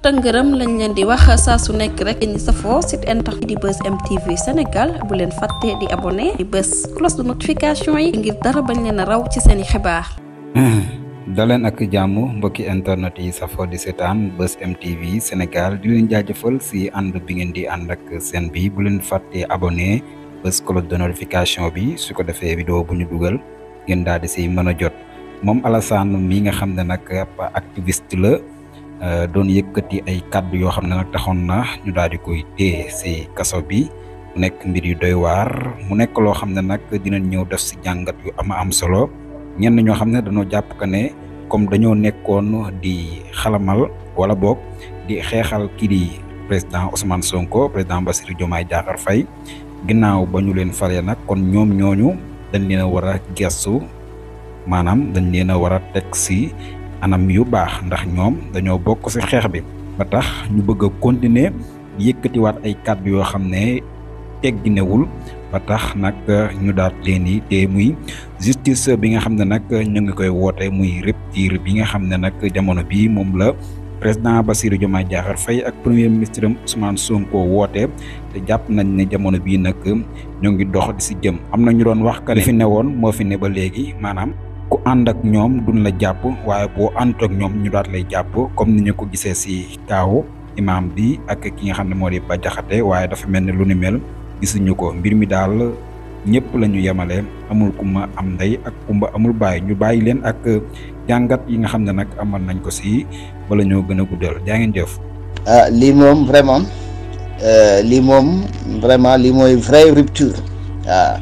tëngërëm lañ leen di wax sa su nek rek ñi fo site internet di bus mtv Senegal bu leen fàtte di abonné di bës cloche de notification yi ngir dara bañ leen raw ci seen xibaar daleen ak jàmm mbokki internet yi fo di setan bus mtv Senegal di leen jajeufal si and bi ngeen di and ak seen bi bu leen fàtte abonné bës cloche de notification bi su ko defé vidéo bu ñu duggal ngeen daal di ci mëna jot mom Alassane mi nga xamne nak activiste la Euh, doon yëkkati ay kàddu yoo xam ne nag taxoon na ñu daal di koy téye si kaso bi nekk mbir yu doy waar mu nekk loo xam ne nag dinañ ñëw def si jàngat yu ama am solo ñenn ñoo xam ne dañoo jàpp que ne comme dañoo nekkoon di xalamal wala boog di xeexal kii di président Ousmane Sonko président Bassirou Diomaye Diakhar Faye ginnaaw ba ñu leen falee nag kon ñoom ñooñu dañ leen a war a gestu maanaam dañ leen a war a teg si anam yu baax ndax ñoom dañoo bokk ci xeex bi ba tax ñu bëgg a continuer yëkkatiwaat ay kàddu yoo xam ne tegginewul ba tax nag ñu daat leen yi te muy justice bi nga xam ne nag ñu ngi koy woote muy rupture bi nga xam ne nag jamono bi moom la président Bassirou Diomaye Diakhar Faye ak premier ministre Ousmane Sonko woote te jàpp nañ ne jamono bii nag ñu ngi dox di si jëm am na ñu doon wax ka li ne woon moo fi ne ba léegi maanaam ku ànd ak ñoom duñ la jàpp waaye boo àndut ak ñoom ñu daat lay jàpp comme ni ñu ko gisee si kaaw imaam bi ak ki nga xam ne moo di ba jaxate waaye dafa mel lu ni mel gisuñu ko mbir mi daal ñëpp la ñu yemale amul kumba am ndey ak kumba amul bàyyi ñu bàyyi leen ak jàngat yi nga xam ne nag amal nañ ko si bala ñoo gën a guddal jaa ngeen jëf. Ah, lii moom vraiment euh, lii moom vraiment lii mooy vraie rupture ah,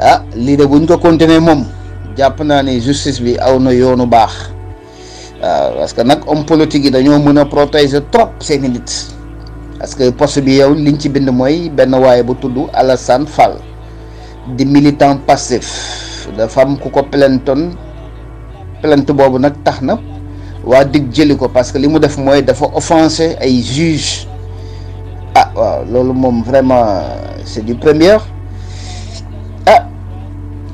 ah, lii de buñ ko continuer moom. jàpp naa ne justice bi aw na yoonu baax waaw parce que nag homme politique yi dañoo mën a protéger trop seeni nit parce que poste bi yow liñ ci bind mooy benn waaye bu tudd Alassane Fall di militant passif dafa am ku ko plainton plainte boobu nag tax na waa dig jëli ko parce que li mu def mooy dafa offensé ay juge ah waaw loolu moom vraiment c'est du premier ah,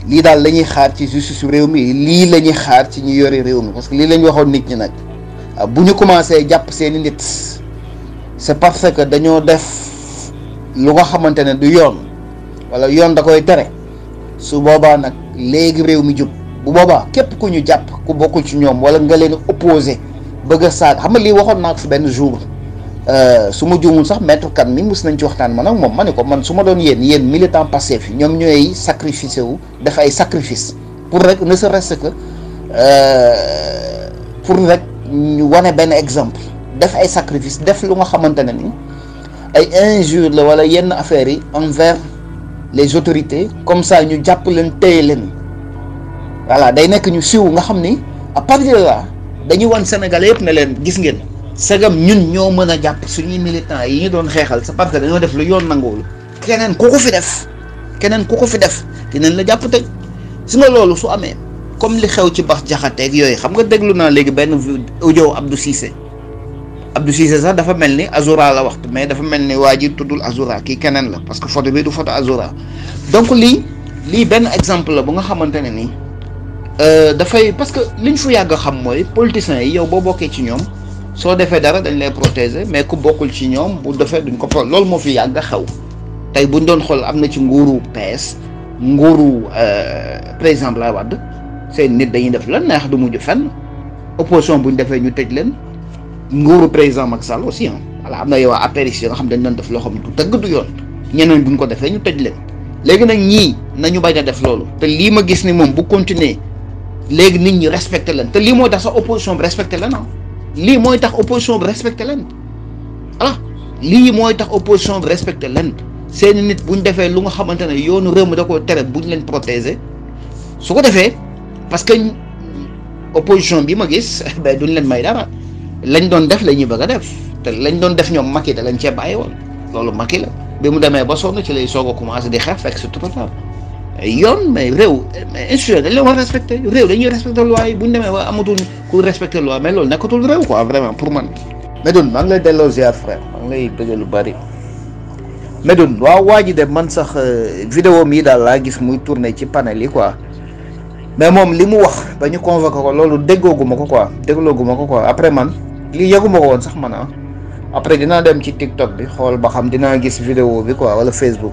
lii daal la ñuy xaar ci su réew mi lii la ñuy xaar ci ñu yore réew mi parce que lii la waxoon nit ñi nag ah, bu ñu commencé jàpp seeni nit c'est parce que dañoo def lu ko xamante ne du yoon wala yoon da koy tere su boobaa nag léegi réew mi jub bu boobaa képp ku ñu jàpp ku bokkul ci ñoom walla nga leen opposé bëgg a saag xam nga lii waxoon naa ko fi benn jour. Euh, su ma juumul sax maître kan mi mus nañ ci waxtaan man ak mom ma ko man su ma doon yeen yéen militant Pastef yi ñoom ñooy sacrifice wu def ay sacrifice pour rek ne se reste que euh pour rek ñu wone ben exemple def ay sacrifice def lu nga xamante ni ay injure la wala yenn affaire yi envers les autorités comme ça ñu japp leen tey leen voilà day nekk ñu siiw nga xam ni à partir de là dañuy wan Sénégalais yëpp ne leen gis ngeen. sagam ñun ñoo mën a jàpp suñuy militants yi ñu doon xeexal sa parce que dañoo def lu yoon nanguwul keneen ku ko fi def keneen ku ko fi def dinañ la jàpp tëj si nga loolu su amee comme li xew ci bax jaxateeg yooyu xam nga déglu naa léegi benn audio Abdou Cissé Abdou Cissé sax dafa mel ni Azura la waxtu mais dafa mel ni waa ji tuddul Azura kii keneen la parce que photo bi du photo Azura donc lii lii benn exemple la bu nga xamante ne nii euh, dafay parce que liñ fu yàgg xam mooy politiciens yi yow boo bokkee ci ñoom. soo defee dara dañ lay protéger mais ku bokkul ci ñoom bu defee duñ ko pro loolu moo fi yàgg xew tey buñ doon xool am na ci nguuru pees nguuru euh, président Abdoulaye Wade seen nit dañuy def lan neex du mujj fenn opposition buñ defee ñu tëj leen nguuru président Macky Sall aussi ah am na yow appareils yi nga xam dañ doon def loo xam du dëgg du yoon ñeneen buñ ko defee ñu tëj leen léegi nag ñii nañu bañ a def loolu te lii ma gis ni moom bu continuer léegi nit ñi respecté leen te lii moo tax sax opposition bi respecté leen ah. lii mooy tax opposition bi respecté leen ah lii mooy tax opposition bi respecté leen seeni nit bu ñu defee lu nga xamante ne yoonu réew mi da koo tere bu ñu leen protéger su ko defee parce que opposition bi ma gis ben duñ leen may dara lañ doon def la ñuy bëgg a def te lañ doon def ñoom Macky da lañ cee bàyyi woon loolu Macky la bi mu demee ba sonn ci lay soo a commencé di xeex fekk c'est trop tard yoon mais réew institution dañ leen war respecté réew dañuy respecté loi yi e bu ñu demee ba amatul ku respecté loi mais loolu nekkatul réew quoi vraiment pour man. Medoune maa ngi lay delloo ziar frère maa lay bëgg lu bari Medoune waaw waa ji de man sax euh, video mii daal laa gis muy tourné ci panel yi quoi mais moom li mu wax ba ñu convoqué ko loolu déggoogu ma ko quoi dégloogu ko quoi après man li yëguma ko woon sax man ah après dinaa dem ci TikTok bi xool ba xam dinaa gis vidéo bi quoi wala Facebook.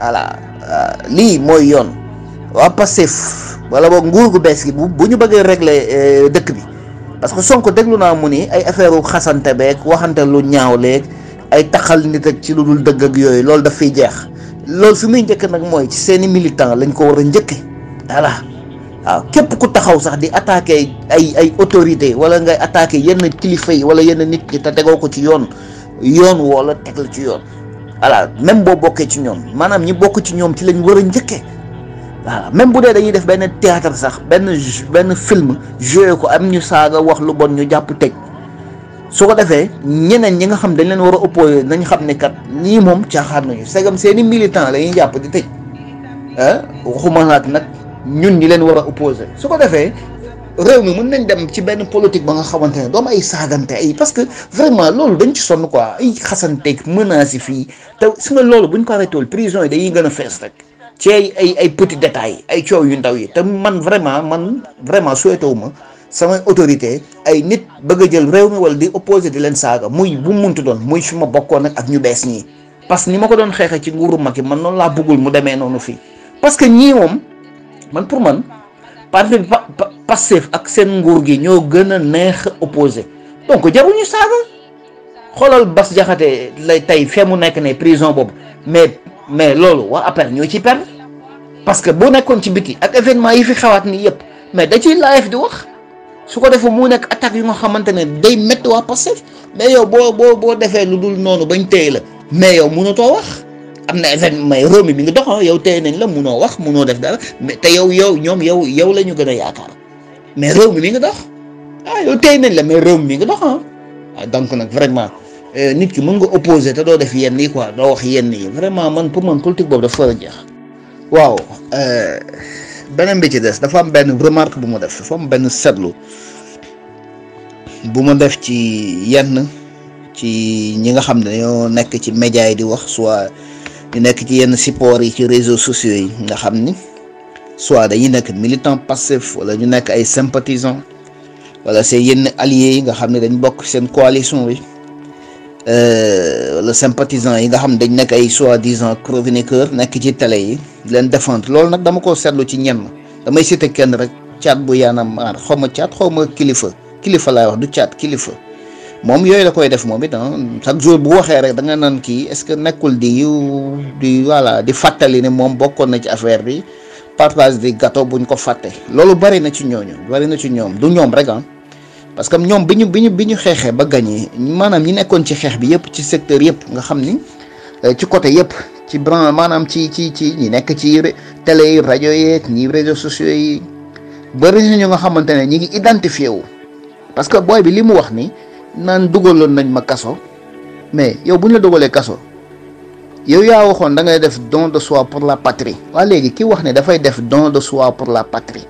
voilà euh, lii mooy yoon waa Pastef wala boog nguur gu bees gi bu bu ñu bëggee régler euh, dëkk bi parce que Sonko déglu naa mu ni ay affaire u xasante beek waxante lu ñaaw leeg ay taxal nit ak ci lu dul dëgg ak yooyu loolu daf fiy jeex loolu fi muy njëkk nag mooy ci seeni militant lañ ko war a njëkk voilà waaw képp ku taxaw sax di attaqué ay ay autorité wala ngay attaqué yenn kilifa yi wala yenn nit ñi te tegoo ko ci yoon yoon woo la teg la ci yoon voilà même boo bokkee ci ñoom maanaam ñi bokk ci ñoom ci lañ war a njëkkee voilà même bu dee dañuy def benn théâtre sax benn benn film joué ko am ñu saaga wax lu bon ñu jàpp tëj su ko defee ñeneen ñi nga xam dañ leen war a opposé nañ xam ne kat ñii moom caaxaan nañu segam seeni militant la ñuy jàpp di tëj ah waxuma nag ñun ñi leen war a opposé su ko defee réew mi mën nañ dem ci benn politique ba nga xamante ne doom ay saagante ay parce vraiment loolu dañ ci sonn quoi ay xasanteeg menaces yi fii te su nga loolu buñ ko arrêté prison yi dañuy gën a fees rek ci ay ay ay petits ay coow yu ndaw yi te man vraiment man vraiment souhaité wu ma samay autorité ay nit bëgg a jël réew mi wala di opposé di leen saaga muy bu mu munti doon muy fi ma bokkoon nag ak ñu bees ñii parce que ni ma ko doon xeexee ci nguuru Macky man noonu laa noonu fii parce que ñii moom man pour man parti Pastef ak sen nguur gi ñoo gën a neex opposé donc jaruñu saaga xoolal bas Jaxate lay tey fee mu nekk ne prison boobu mais mais loolu wa appel ñoo ci perdre parce que boo nekkoon ci biti ak événement yi fi xawaat ni yépp mais da ciy live di wax su ko defee mu nekk attaque yu nga xamante ne day métti waa Pastef mais yow boo boo boo defee lu dul noonu bañ téye la mais yow mënatoo wax am na événement mais réew mi mi ngi dox ah, yow téye nañ la mënoo wax mënoo def dara mais te yow yow ñoom yow yow la ñu gën a yaakaar. mais réew mi mi ngi dox ah yow tey nañ la mais réew mi ngi dox ah. ah donc nag vraiment euh, nit ki mën nga opposé te doo def yenn yi quoi doo wax yenn yi vraiment man pour man politique boobu dafa war a jeex. waaw euh, beneen bi ci des dafa am benn remarque bu ma def dafa am benn seetlu bu mu def ci yenn ci ñi nga xam ne dañoo nekk ci média yi di wax soit ñu nekk ci yenn support yi ci réseaux sociaux yi nga xam ni. soit dañuy nekk militant passif wala ñu nekk ay sympathisants wala seen yenn alliés yi nga xam ne dañ bokk seen coalition bi euh, wala sympathisants yi nga xam ne dañ nekk ay soi-disant chroniqueurs nekk ci télé yi di leen défendre loolu nag dama ko seetlu ci ñenn damay cité kenn rek caat bu yaanam maar xaw ma caat xaw ma kilifa kilifa laay wax du caat kilifa moom yooyu la koy def moom it ah, chaque jour bu waxee rek da nga naan kii est-ce que nekkul di di voilà di fàttali ne moom bokkoon na ci affaire bi. partage des gâteaux buñ ko fàtte loolu bari na ci ñooñu bari na ci ñoom du ñoom rek ah parce que ñoom bi ñu bi ñu bi ñu xeexee ba gagné maanaam ñi nekkoon ci xeex bi yëpp ci secteur yëpp nga xam ni euh, ci côté yëpp ci bran maanaam ci ci ci ñi nekk ci télé yi rajo yeeg ñi réseaux sociaux yi bari na ñu nga xamante ne ñi ngi identifié wu parce que booy bi li mu wax ni naan dugaloon nañ ma kaso mais yow bu ñu la dugalee kaso yow yaa waxoon da ngay def don de soi pour la patrie waa léegi ki wax ne dafay def don de soi pour la patrie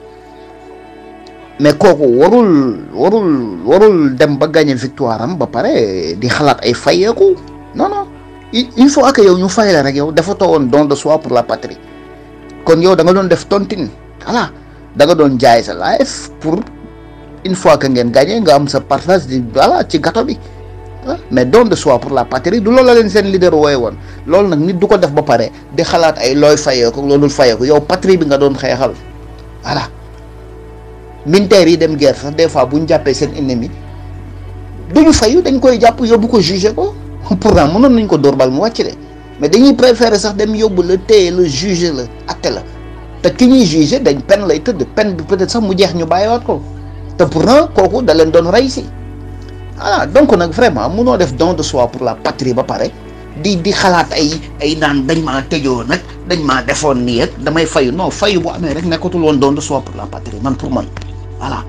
mais kooku warul warul warul dem ba gagné victoire am ba pare di xalaat ay fayeeku non non il faut que yow ñu fay la rek yow dafa don de soi pour la patrie kon yow da nga doon def tontine voilà da nga doon jaay sa life pour une fois que ngeen gagné nga am sa partage di voilà ci gâteau bi mais don de soi pour la patrie du loolu len sen leader wooye woon loolu nag nit duko def ba paré di xalat ay looy fayeeku loolul fayeeku yow patrie bi nga don xéxal voilà militaires yi dem guerre sax des fois bu ñu jàppee seen ennemi duñu fayu dañ koy japp yóbbu ko juger ko pourtant mënon nañ ko dorbal mu wàcc de mais dañuy préférer sax dem yóbbu le téyé le juger le atte la té ki ñuy juger dañ pen lay tëdd peine peut-être sax mu jeex ñu bàyyiwaat ko té pourtant koku da leen doon rey si voilà donc nag vraiment munoo def don de soi pour la patrie ba pare di di xalaat ay ay naan dañ maa tëjoo nag dañ maa defoon nii rek damay fayu noo fayu bu amee rek nekkatul woon don de pour la patrie man pour man voilà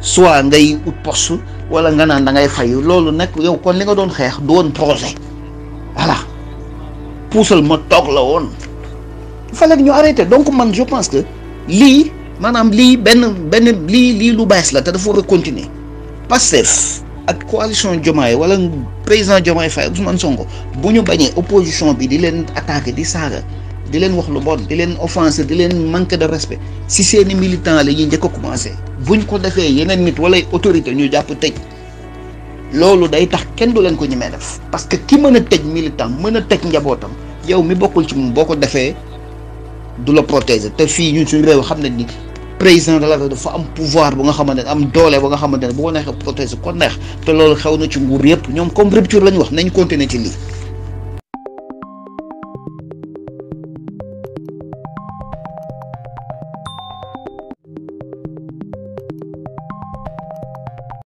soit ngay ut poste wala nga naan da ngay fayu loolu nag yow kon li nga doon xeex du woon projet voilà puusal ma toog la woon il fallait ñu arrêté donc man je pense que lii maanaam lii benn benn lii lii lu bees la te dafa war a continuer Pastef ak coalition Diomaye wala président Diomaye Faye ak Ousmane Sonko bu ñu bañee opposition bi di leen attaquer di saaga di leen wax lu bon di leen offenser di leen manque de respect si seeni militants la ñuy njëkk a bu buñ ko defee yeneen nit wala autorité ñu jàpp tëj loolu day tax kenn du leen ko ñemee def parce que ki mën a tëj militant mën a tëj njabootam yow mi bokkul ci mu boo ko defee du la protéger te fii ñun suñu réew xam nañ ni président de la dafa am pouvoir bu nga xamante ne am doole ba nga xamante ne bu ko neexee protéger ko neex te xew na ci nguur yëpp ñoom comme rupture la ñu wax nañ continuer ci lii.